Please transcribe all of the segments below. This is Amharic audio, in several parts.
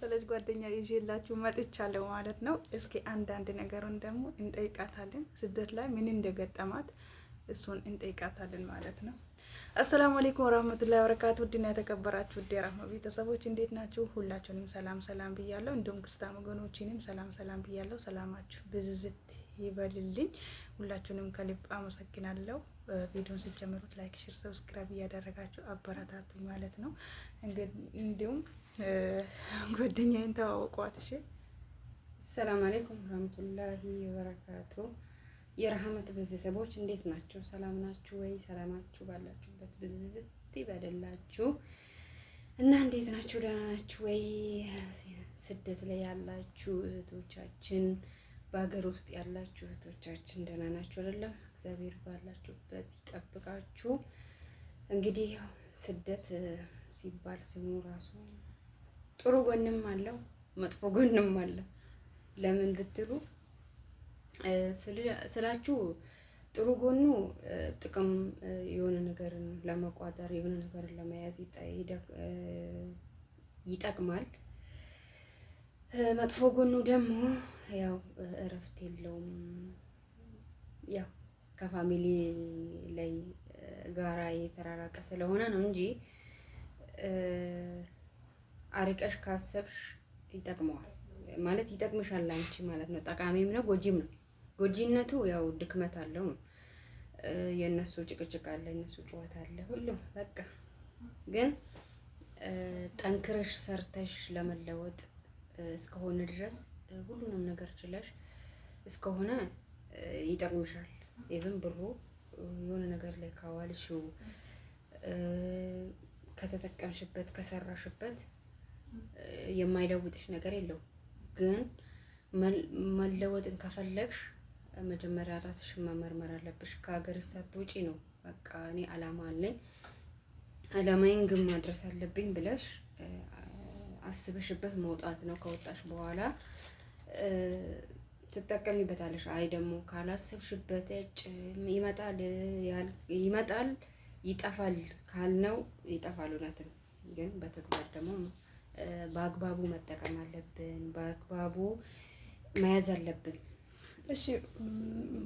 ስለዚህ ጓደኛ ይዤላችሁ መጥቻለሁ ማለት ነው። እስኪ አንዳንድ ነገሩን ደግሞ እንጠይቃታለን። ስደት ላይ ምን እንደገጠማት እሱን እንጠይቃታለን ማለት ነው። አሰላሙ አለይኩም ወራህመቱላሂ ወበረካቱ። ውድና የተከበራችሁ ውድ የራህማ ቤተሰቦች እንዴት ናችሁ? ሁላችሁንም ሰላም ሰላም ብያለሁ። እንዲሁም ክስታ ወገኖችንም ሰላም ሰላም ብያለሁ። ሰላማችሁ ብዝዝት ይበልልኝ። ሁላችሁንም ከልብ አመሰግናለሁ። ቪዲዮን ሲጀምሩት ላይክ፣ ሼር፣ ሰብስክራይብ እያደረጋችሁ አበረታቱኝ ማለት ነው። እንዲሁም ጓደኛዬን ተዋውቋት። እሺ፣ ሰላም አለይኩም ረህመቱላሂ ወበረካቱ። የረህመት ቤተሰቦች እንዴት ናችሁ? ሰላም ናችሁ ወይ? ሰላማችሁ ባላችሁበት ብዝት ይበደላችሁ እና እንዴት ናችሁ? ደህና ናችሁ ወይ? ስደት ላይ ያላችሁ እህቶቻችን በሀገር ውስጥ ያላችሁ እህቶቻችን ደህና ናችሁ አይደለም? እግዚአብሔር ባላችሁበት ይጠብቃችሁ። እንግዲህ ስደት ሲባል ስሙ ራሱ ጥሩ ጎንም አለው መጥፎ ጎንም አለው። ለምን ብትሉ ስላችሁ ጥሩ ጎኑ ጥቅም የሆነ ነገርን ለመቋጠር የሆነ ነገርን ለመያዝ ይጠቅማል። መጥፎ ጎኑ ደግሞ ያው እረፍት የለውም። ያው ከፋሚሊ ላይ ጋራ የተራራቀ ስለሆነ ነው እንጂ አርቀሽ ካሰብሽ ይጠቅመዋል ማለት ይጠቅምሻል አንቺ ማለት ነው። ጠቃሚም ነው፣ ጎጂም ነው። ጎጂነቱ ያው ድክመት አለው ነው። የእነሱ ጭቅጭቅ አለ፣ የእነሱ ጨዋታ አለ፣ ሁሉም በቃ። ግን ጠንክረሽ ሰርተሽ ለመለወጥ እስከሆነ ድረስ ሁሉንም ነገር ችለሽ እስከሆነ ይጠቅምሻል። ይብን ብሩ የሆነ ነገር ላይ ካዋልሽው ከተጠቀምሽበት፣ ከሰራሽበት የማይለውጥሽ ነገር የለው። ግን መለወጥን ከፈለግሽ መጀመሪያ ራስሽን መመርመር አለብሽ። ከሀገር ሳትወጪ ነው በቃ እኔ አላማ አለኝ አላማዬን ግን ማድረስ አለብኝ ብለሽ አስበሽበት መውጣት ነው። ከወጣሽ በኋላ ትጠቀሚበታለሽ። አይ ደግሞ ካላሰብሽበት እጭ ይመጣል ይመጣል ይጠፋል ካልነው ይጠፋል። እውነትም ግን በተግባር ደግሞ በአግባቡ መጠቀም አለብን። በአግባቡ መያዝ አለብን። እሺ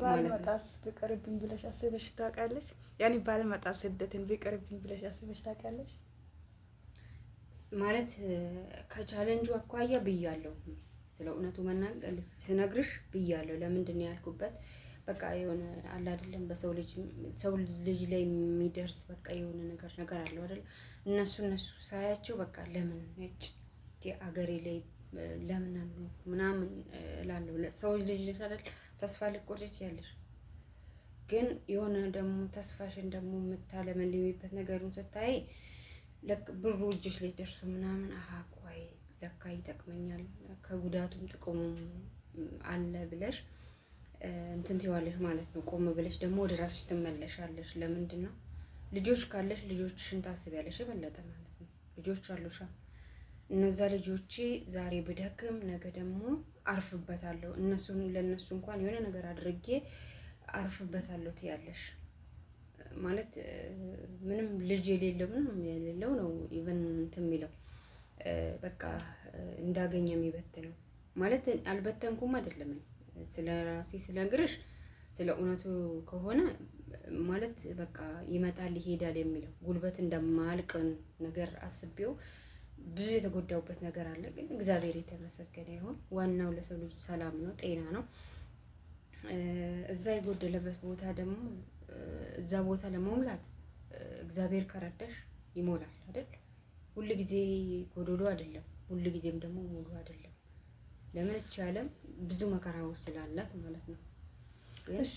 ባልመጣስ ቢቀርብኝ ብለሽ አስበሽ ታውቂያለሽ? ያኔ ባልመጣ ስደትን ቢቀርብኝ ብለሽ አስበሽ ታውቂያለሽ? ማለት ከቻለንጁ አኳያ ብያለሁ። ስለ እውነቱ መናገር ስነግርሽ ብያለሁ። ለምንድን ነው ያልኩበት? በቃ የሆነ አለ አይደለም፣ በሰው ልጅ ሰው ልጅ ላይ የሚደርስ በቃ የሆነ ነገር ነገር አለው አይደል? እነሱ እነሱ ሳያቸው በቃ ለምን ነጭ አገሬ ላይ ለምን አሉ ምናምን እላለሁ። ሰው ልጅ ነሽ አይደል? ተስፋ ልቆርጭ ያለሽ ግን የሆነ ደግሞ ተስፋሽን ደግሞ የምታለመልሚበት ነገሩን ስታይ ብሩ እጅሽ ላይ ደርሶ ምናምን አሀ ቆይ ለካ ይጠቅመኛል ከጉዳቱም ጥቅሙም አለ ብለሽ እንትን ትይዋለሽ ማለት ነው። ቆም ብለሽ ደግሞ ወደ ራስሽ ትመለሻለሽ። ለምንድን ነው ልጆች ካለሽ ልጆችሽን ታስቢያለሽ የበለጠ ማለት ነው። ልጆች አሉሻ። እነዛ ልጆቼ ዛሬ ብደክም ነገ ደግሞ አርፍበታለሁ፣ እነሱን ለእነሱ እንኳን የሆነ ነገር አድርጌ አርፍበታለሁ ትያለሽ። ማለት ምንም ልጅ የሌለው ምንም የሌለው ነው ኢቨን እንትን የሚለው በቃ እንዳገኘ የሚበትነው ማለት አልበተንኩም አይደለም። ስለ ራሴ ስለ ስለ እውነቱ ከሆነ ማለት በቃ ይመጣል ይሄዳል የሚለው ጉልበት እንደማያልቅ ነገር አስቤው ብዙ የተጎዳውበት ነገር አለ። ግን እግዚአብሔር የተመሰገነ ይሁን። ዋናው ለሰው ልጅ ሰላም ነው፣ ጤና ነው። እዛ የጎደለበት ቦታ ደግሞ እዛ ቦታ ለመሙላት እግዚአብሔር ከረዳሽ ይሞላል አይደል? ሁል ጊዜ ጎዶሎ አይደለም፣ ሁል ጊዜም ደግሞ ሙሉ አይደለም። ለምን እቺ ዓለም ብዙ መከራዎች ስላላት ማለት ነው። እሺ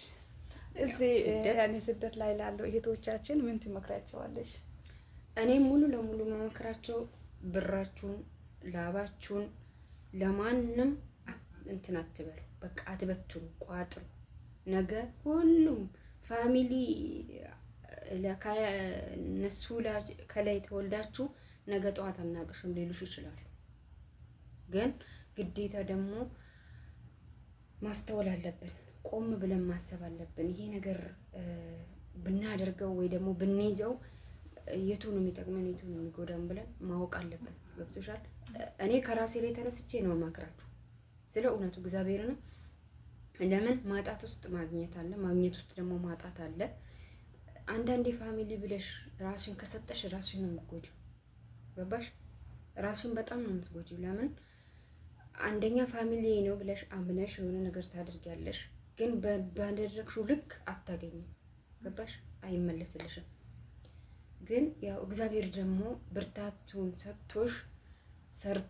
እዚህ ያኔ ስደት ላይ ላለው እህቶቻችን ምን ትመክራቸዋለሽ? እኔም ሙሉ ለሙሉ መመክራቸው ብራችሁን ላባችሁን ለማንም እንትን አትበሉ፣ በቃ አትበትኑ፣ ቋጥሩ። ነገ ሁሉም ፋሚሊ እነሱ ከላይ ተወልዳችሁ ነገ ጠዋት አናቅሽም ሊሉሽ ይችላሉ። ግን ግዴታ ደግሞ ማስተዋል አለብን። ቆም ብለን ማሰብ አለብን። ይሄ ነገር ብናደርገው ወይ ደግሞ ብንይዘው የቱ ነው የሚጠቅመን የቱ ነው የሚጎዳን ብለን ማወቅ አለብን። ገብቶሻል? እኔ ከራሴ ላይ ተነስቼ ነው ማክራችሁ ስለ እውነቱ እግዚአብሔርንም ለምን ማጣት ውስጥ ማግኘት አለ፣ ማግኘት ውስጥ ደግሞ ማጣት አለ። አንዳንዴ ፋሚሊ ብለሽ ራስሽን ከሰጠሽ ራስሽን ነው የምትጎጂው። ገባሽ? ራስሽን በጣም ነው የምትጎጂው። ለምን አንደኛ ፋሚሊ ነው ብለሽ አምነሽ የሆነ ነገር ታደርጊያለሽ፣ ግን ባደረግሽው ልክ አታገኝም። ገባሽ? አይመለስልሽም። ግን ያው እግዚአብሔር ደግሞ ብርታቱን ሰጥቶሽ ሰርቶ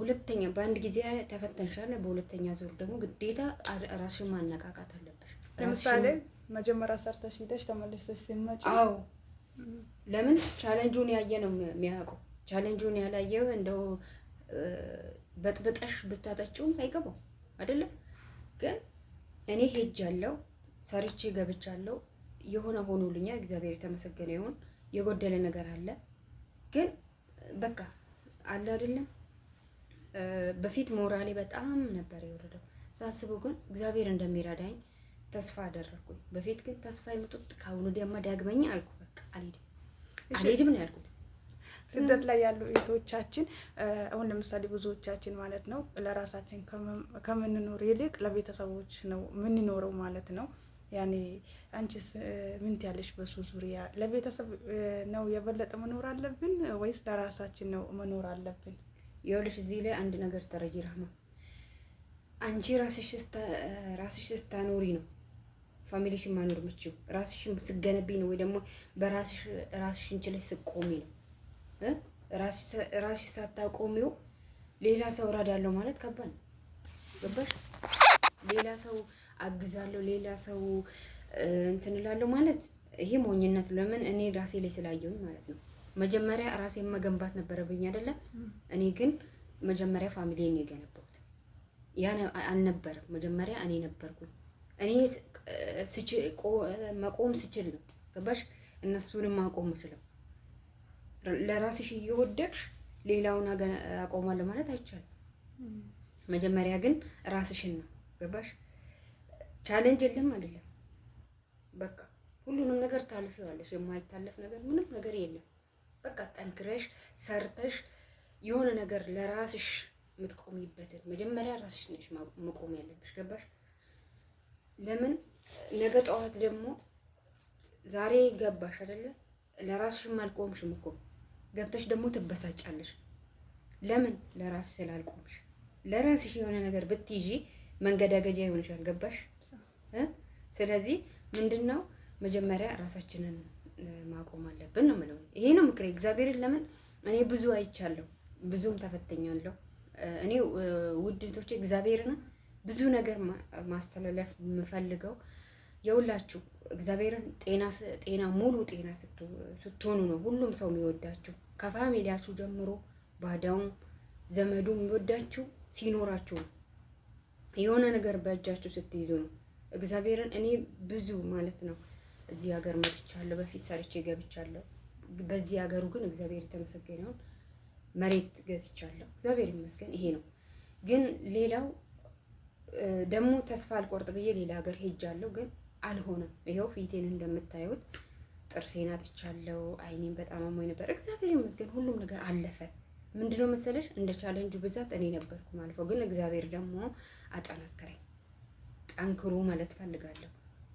ሁለተኛ በአንድ ጊዜ ተፈተንሻለ፣ በሁለተኛ ዙር ደግሞ ግዴታ ራስሽን ማነቃቃት አለብሽ። ለምሳሌ መጀመሪያ ሰርተሽ ሂደሽ ተመለሰሽ ሲመጭ። አዎ ለምን ቻለንጁን ያየ ነው የሚያውቀው። ቻለንጁን ያላየ እንደው በጥብጠሽ ብታጠጭውም አይገባው አይደለም። ግን እኔ ሄጃለሁ፣ ሰርቼ ገብቻለሁ፣ የሆነ ሆኖልኛ እግዚአብሔር የተመሰገነ ይሁን። የጎደለ ነገር አለ ግን በቃ አለ አይደለም በፊት ሞራሌ በጣም ነበር የወረደው። ሳስበው ግን እግዚአብሔር እንደሚረዳኝ ተስፋ አደረኩኝ። በፊት ግን ተስፋ የምጡት ከአሁኑ ደማ ዳግመኛ አልኩ፣ በቃ አልሄድም አልሄድም ነው ያልኩት። ስደት ላይ ያሉ እህቶቻችን አሁን ለምሳሌ ብዙዎቻችን ማለት ነው ለራሳችን ከምንኖር ይልቅ ለቤተሰቦች ነው የምንኖረው ማለት ነው። ያኔ አንቺስ ምን ትያለሽ? በሱ ዙሪያ ለቤተሰብ ነው የበለጠ መኖር አለብን ወይስ ለራሳችን ነው መኖር አለብን? ይኸውልሽ እዚህ ላይ አንድ ነገር ተረጂ ራህማ፣ አንቺ ራስሽ ስታኖሪ ነው ፋሚሊሽን ማኖር የምችው ራስሽን ስገነቢ ነው፣ ወይ ደግሞ በራስሽ ራስሽን ችለሽ ስቆሚ ነው። ራስሽ ሳታቆሚው ሌላ ሰው እረዳለሁ ማለት ከባድ ነው። ገባሽ? ሌላ ሰው አግዛለሁ፣ ሌላ ሰው እንትን እላለሁ ማለት ይሄ ሞኝነት። ለምን እኔ ራሴ ላይ ስላየሁኝ ማለት ነው። መጀመሪያ ራሴን መገንባት ነበረብኝ አይደለም። እኔ ግን መጀመሪያ ፋሚሊ ነው የገነባሁት። ያ አልነበረም። መጀመሪያ እኔ ነበርኩኝ። እኔ መቆም ስችል ነው ገባሽ? እነሱንም ማቆም ስለው ለራስሽ እየወደቅሽ ሌላውን አቆማለሁ ማለት አይቻልም። መጀመሪያ ግን ራስሽን ነው ገባሽ? ቻሌንጅ የለም አይደለም። በቃ ሁሉንም ነገር ታልፊዋለሽ። የማይታለፍ ነገር ምንም ነገር የለም። በቃ ጠንክረሽ ሰርተሽ የሆነ ነገር ለራስሽ የምትቆሚበትን መጀመሪያ ራስሽ ነሽ መቆም ያለብሽ። ገባሽ? ለምን ነገ ጠዋት ደግሞ ዛሬ ገባሽ አይደለ? ለራስሽም አልቆምሽም እኮ ገብተሽ ደግሞ ትበሳጫለሽ። ለምን ለራስሽ ስላልቆምሽ። ለራስሽ የሆነ ነገር ብትይዢ መንገዳገጃ ይሆንሻል። ገባሽ? ስለዚህ ምንድን ነው መጀመሪያ ራሳችንን ማቆም አለብን ነው የምለው። ይሄ ነው ምክሬ። እግዚአብሔርን ለምን እኔ ብዙ አይቻለሁ፣ ብዙም ተፈተኛለሁ። እኔ ውድቶች እግዚአብሔርን ብዙ ነገር ማስተላለፍ የምፈልገው የሁላችሁ እግዚአብሔርን ጤና ጤና ሙሉ ጤና ስትሆኑ ነው ሁሉም ሰው የሚወዳችሁ ከፋሚሊያችሁ ጀምሮ ባዳውም ዘመዱ የሚወዳችሁ ሲኖራችሁ ነው። የሆነ ነገር በእጃችሁ ስትይዙ ነው እግዚአብሔርን እኔ ብዙ ማለት ነው እዚህ ሀገር መጥቻለሁ። በፊት ሰርቼ ገብቻለሁ። በዚህ ሀገሩ ግን እግዚአብሔር የተመሰገነውን መሬት ገዝቻለሁ። እግዚአብሔር ይመስገን። ይሄ ነው። ግን ሌላው ደግሞ ተስፋ አልቆርጥ ብዬ ሌላ ሀገር ሄጃለሁ፣ ግን አልሆነም። ይኸው ፊቴን እንደምታዩት ጥርሴን አጥቻለሁ። አይኔን በጣም አሞኝ ነበር። እግዚአብሔር ይመስገን ሁሉም ነገር አለፈ። ምንድነው መሰለሽ እንደ ቻለንጁ ብዛት እኔ ነበርኩ ማለፈው፣ ግን እግዚአብሔር ደግሞ አጠናከረኝ። ጠንክሮ ማለት ፈልጋለሁ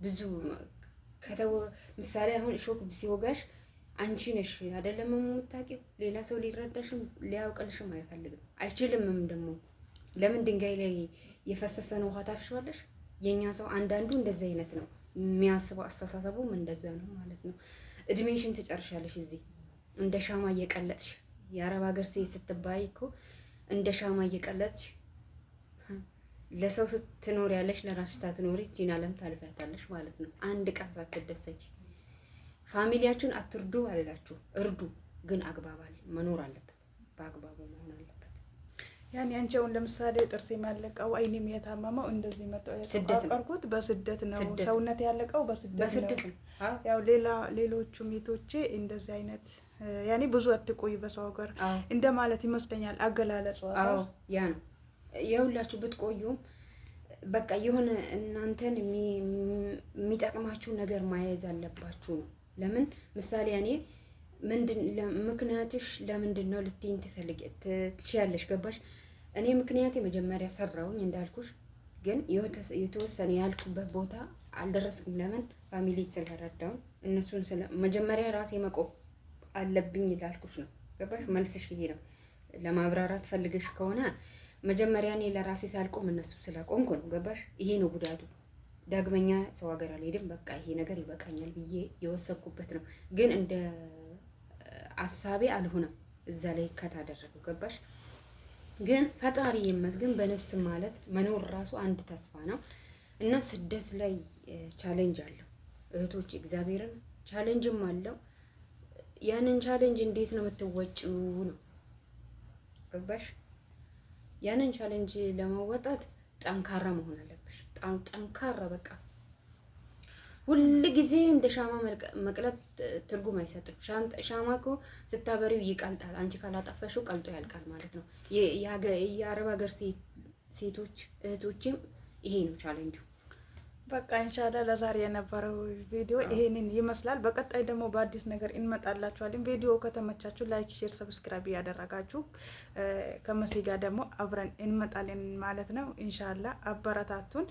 ብዙ ከተወ ምሳሌ አሁን እሾክ ሲወጋሽ አንቺ ነሽ አይደለም የምታውቂው። ሌላ ሰው ሊረዳሽም ሊያውቅልሽም አይፈልግም አይችልምም። ደግሞ ለምን ድንጋይ ላይ የፈሰሰን ውሃ ታፍሽዋለሽ? የኛ ሰው አንዳንዱ እንደዚህ አይነት ነው የሚያስበው፣ አስተሳሰቡም እንደዛ ነው ማለት ነው። እድሜሽን ትጨርሻለሽ እዚህ እንደ ሻማ እየቀለጥሽ የአረብ ሀገር ሴት ስትባይ እኮ እንደ ሻማ እየቀለጥሽ ለሰው ስትኖር ያለሽ ለራስሽ ሳትኖሪ እቺን አለም ታልፈታለሽ ማለት ነው። አንድ ቀን ሳትደሰች ፋሚሊያችሁን አትርዱ አላላችሁ፣ እርዱ ግን አግባባል መኖር አለበት፣ በአግባቡ መሆን አለበት። ያን ያንቸውን ለምሳሌ ጥርስ ያለቀው አይኔም የታመመው እንደዚህ መጣው ያቀርኩት በስደት ነው። ሰውነት ያለቀው በስደት ነው። ያው ሌላ ሌሎቹም ሚቶቼ እንደዚህ አይነት ያኔ ብዙ አትቆይ በሰው ሀገር እንደማለት ይመስለኛል አገላለጽ ያ ነው። የሁላችሁ ብትቆዩም በቃ የሆነ እናንተን የሚጠቅማችሁ ነገር ማያዝ አለባችሁ። ለምን ምሳሌ እኔ ምክንያትሽ ለምንድን ነው ልትይኝ ትፈልግ ትችያለሽ። ገባሽ? እኔ ምክንያቴ መጀመሪያ ሰራውኝ እንዳልኩሽ፣ ግን የተወሰነ ያልኩበት ቦታ አልደረስኩም። ለምን ፋሚሊ ስለረዳውን እነሱን መጀመሪያ ራሴ መቆም አለብኝ ላልኩሽ ነው። ገባሽ? መልስሽ ይሄ ነው። ለማብራራት ፈልገሽ ከሆነ መጀመሪያ እኔ ለራሴ ሳልቆም እነሱ ስለቆምኩ ነው። ገባሽ? ይሄ ነው ጉዳቱ። ዳግመኛ ሰው ሀገር አልሄድም፣ በቃ ይሄ ነገር ይበቃኛል ብዬ የወሰንኩበት ነው። ግን እንደ አሳቤ አልሆነም እዛ ላይ ከታደረገው ገባሽ? ግን ፈጣሪ ይመስገን በነፍስ ማለት መኖር ራሱ አንድ ተስፋ ነው እና ስደት ላይ ቻሌንጅ አለው እህቶች፣ እግዚአብሔርን ቻሌንጅም አለው። ያንን ቻሌንጅ እንዴት ነው የምትወጪው ነው ገባሽ? ያንን ቻሌንጅ ለመወጣት ጠንካራ መሆን አለብሽ። ጠንካራ በቃ ሁል ጊዜ እንደ ሻማ መቅለጥ ትርጉም አይሰጥም። ሻማ እኮ ስታበሪው ይቀልጣል። አንቺ ካላጠፈሽው ቀልጦ ያልቃል ማለት ነው። የአረብ ሀገር ሴቶች እህቶችም ይሄ ነው ቻሌንጁ። በቃ እንሻላ ለዛሬ የነበረው ቪዲዮ ይሄንን ይመስላል። በቀጣይ ደግሞ በአዲስ ነገር እንመጣላችኋለን። ቪዲዮ ከተመቻችሁ ላይክ፣ ሼር፣ ሰብስክራይብ እያደረጋችሁ ከመሲ ጋር ደግሞ አብረን እንመጣለን ማለት ነው። እንሻላ አበረታቱን።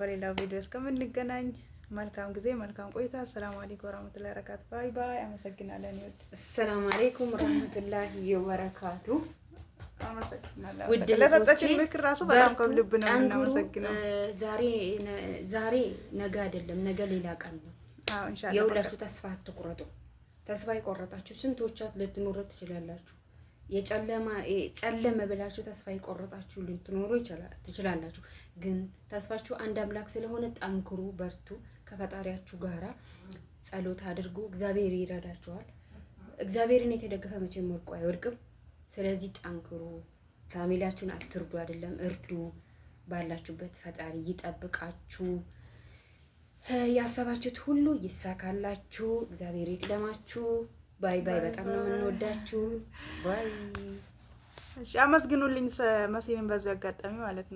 በሌላው ቪዲዮ እስከምንገናኝ መልካም ጊዜ፣ መልካም ቆይታ። አሰላሙ አለይኩም ወራህመቱላሂ ወበረካቱ። ባይ ባይ። አመሰግናለን። ይወድ። አሰላሙ አለይኩም ወራህመቱላሂ ወበረካቱ። ለሰጠችን ምክር ራሱ በጣም ከልብ ነው የምናመሰግነው። ዛሬ ነገ አይደለም፣ ነገ ሌላ ቀን ነው። የሁላችሁ ተስፋ አትቁረጡ። ተስፋ የቆረጣችሁ ስንቶቻት ልትኖሩ ትችላላችሁ። ጨለመ ብላችሁ ተስፋ የቆረጣችሁ ልትኖሩ ትችላላችሁ። ግን ተስፋችሁ አንድ አምላክ ስለሆነ ጠንክሩ፣ በርቱ። ከፈጣሪያችሁ ጋራ ጸሎት አድርጉ። እግዚአብሔር ይረዳችኋል። እግዚአብሔርን የተደገፈ መቼም ወድቆ አይወድቅም። ስለዚህ ጠንክሩ። ፋሚሊያችሁን አትርዱ፣ አይደለም እርዱ። ባላችሁበት ፈጣሪ ይጠብቃችሁ። ያሰባችሁት ሁሉ ይሳካላችሁ። እግዚአብሔር ይቅደማችሁ። ባይ ባይ። በጣም ነው የምንወዳችሁ። ባይ። አመስግኑልኝ መሲን በዚህ አጋጣሚ ማለት ነው።